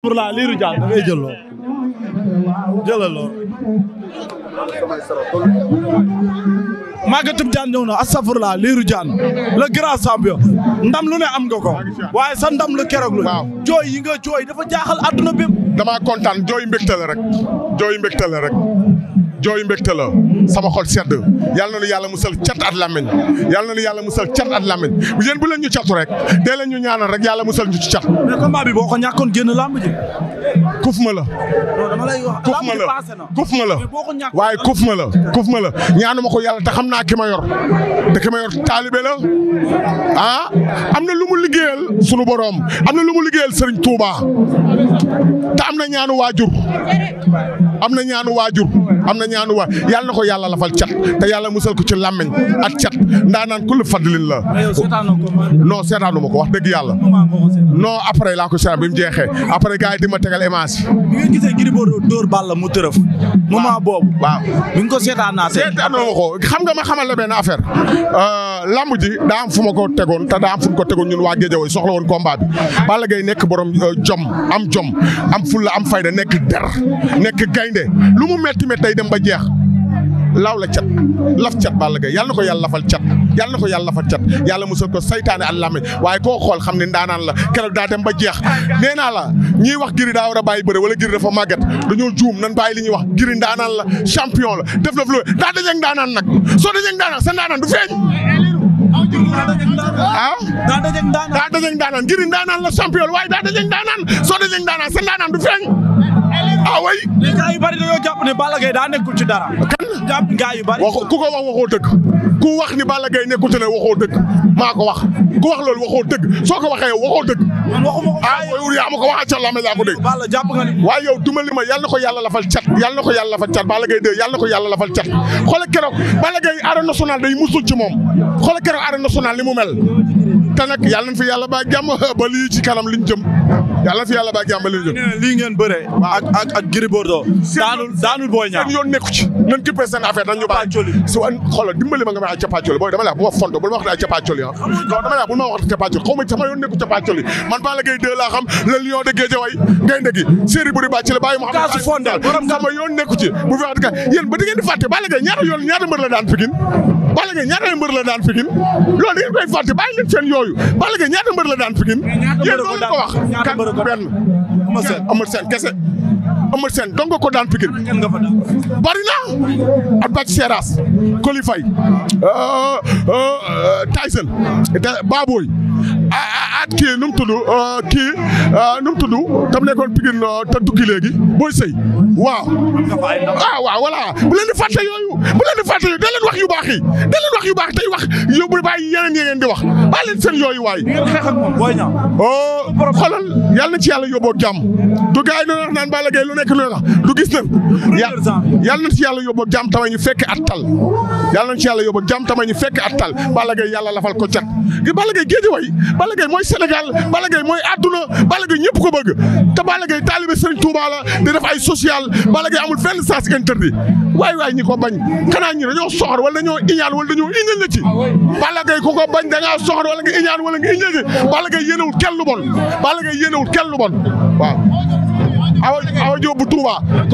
pour la liiru jaan da ngay jël lool na astafurla liiru jaan le grand champion ndam lu ne am nga ko waaye sa ndam lu keroog lu jooy yi nga jooy dafa jaaxal àdduna bépp damaa kontaan jooy mbégte la rek jooy mbégte la jooyu mbégte la sama xol sedd yal na nu yàlla musal cat at làmmiñ yal na yàlla musal cat at làmmiñ bu yéen bu leen ñu catu rek dee ñu ñaanal rek yàlla musal ñu ci cat. mais combat bi boo la. dama lay wax kuf ma la kuf la waaye kuf ma ñaanu ma ko yàlla te xam naa ki ma yor te ki ma yor ah, am na lu mu liggéeyal sunu boroom am na lu mu liggéeyal Serigne Touba te am na ñaanu waajur. am na ñaanu waajur am na ñaanu waa yàlla ko yàlla lafal cat te yàlla musal ko ci a ak cat ndaanaan kullu fadlin la. non seetaanu ma ko wax dëgg yàlla. non après laa ko seetaan bi mu jeexee après gars yi di ma tegal image. bi nga gisee Gris Bordeaux dóor Balla mu boobu. waaw bi nga ko seetaan naa seetaan ma xam nga ma xamal la benn affaire. Euh, lamb ji daa am fu ko tegoon te daa am fu ko tegoon ñun waa Guédiawaye soxla woon combat bi. Balla gay nekk borom euh, jom am jom am fulla am fayda nekk der nekk gay gaynde lu mu metti metti tey dem ba jeex laaw la cat laf cat Balla Gaye yàlla na ko yàlla lafal cat yàlla na ko yal lafal cat yàlla musal ko saytaane ak làmmiñ waaye koo xool xam ne ndaanaan la keroog daa dem ba jeex nee naa la ñiy wax giri daa war a bàyyi bëre wala giri dafa màggat dañoo juum nan bàyyi li ñuy wax giri ndaanaan la champion la def la flou daa dajeeg ndaanaan nag soo dajeeg ndaanaan sa ndaanaan du feeñ ah daa dajeeg ndaanaan daa dajeeg ndaanaan giri ndaanaan la champion la waaye daa dajeeg ndaanaan soo dajeeg ndaanaan sa ndaanaan du feeñ waaw waay. mais gars yu bari dañoo jàpp ne Balla Gaye daa nekkul ci dara. kan la jàpp gars yu bari. waxu ku ko wax waxoo dëgg ku wax ni Balla Gaye nekkul ci ne waxoo dëgg maa ko wax ku wax loolu waxoo dëgg soo ko waxee waxoo dëgg. man waxuma ko ah yow yaa ma ko wax àccan la amee yaa ko dégg. Balla jàpp nga ni. waaye yow dimbali ma yal na ko yàlla lafal cat yal na ko yàlla lafal cat Balla Gaye de yal na ko yàlla lafal cat xoolal keroog Balla Gaye arène nationale day musul ci moom xoolal keroog arène nationale li mu mel te nag yàlla na fi yàlla ba jàmm ba lii ci kanam liñ jëm yàlla fi yàlla bàyyi jàmbale ñu lii ngeen bëre ak ak ak Gris Bordeaux daanul daanul yoon nekku ci nañ kippee seen affaire dañ ñu bàyyi si booy dama la bu ma fonto bul ma wax ne ay capaacoli ah non dama la bul ma wax ne capaacoli xaw ma sama yoon nekku capaacoli man Balla Gaye 2 laa xam le lion de Guédiawaye gaynde gi série bu di bàcc la bàyyi ma xam kaasu fondal sama yoon nekku ci bu fi wax di ka yéen ba di ngeen di fàtte Balla Gaye ñaata yoon ñaata mbër Balla Gaye ñaata mbër la daan Pikine loolu da ngeen koy fàtte bàyyi leen seen yooyu Balla Gaye ñaata mbër la daan Pikine yéen loolu ko wax kan benn Eumeu Sène Eumeu kese Eumeu Sène ko daan Pikine bari na at bàcc Seras Coly Faye euh, euh, Tyson at kii nu mu tudd euh, kii euh, nu mu tudd tam nekkoon Pikine euh, te tukki léegi booy sëy waaw. ah waaw voilà bu leen di fàtte yooyu bu leen di yooyu da leen wax yu baax da leen wax yu baax tey wax yow bu bàyyi yeneen yi ngeen di wax bàyyi leen seen yooyu waay. xoolal yàlla na ci yàlla yóbboo jàmm du gars yi doon wax naan Balla Gaye lu nekk lu nekk du gis na na ci yàlla yóbboo jàmm tama ñu fekk at tal yàlla na ci yàlla yóbboo jàmm tama ñu fekk at tal Balla Gaye yàlla lafal ko cat gi Sénégal Balla Gaye mooy àdduna Balla Gaye ñëpp ko bëgg te Balla Gaye taalibe Sëriñ Tuubaa la di ay social Balla Gaye amul fenn sens interdit waay waay ñi ko bañ xanaa ñi dañoo soxor wala dañoo iñaan wal dañoo iñal la ci Balla Gaye ku ko bañ da ngaa soxor wala nga iñaan wala nga iñal ci Balla Gaye yéenewul kenn lu bon Balla Gaye yéenewul kenn lu bon waaw awa awa Jóob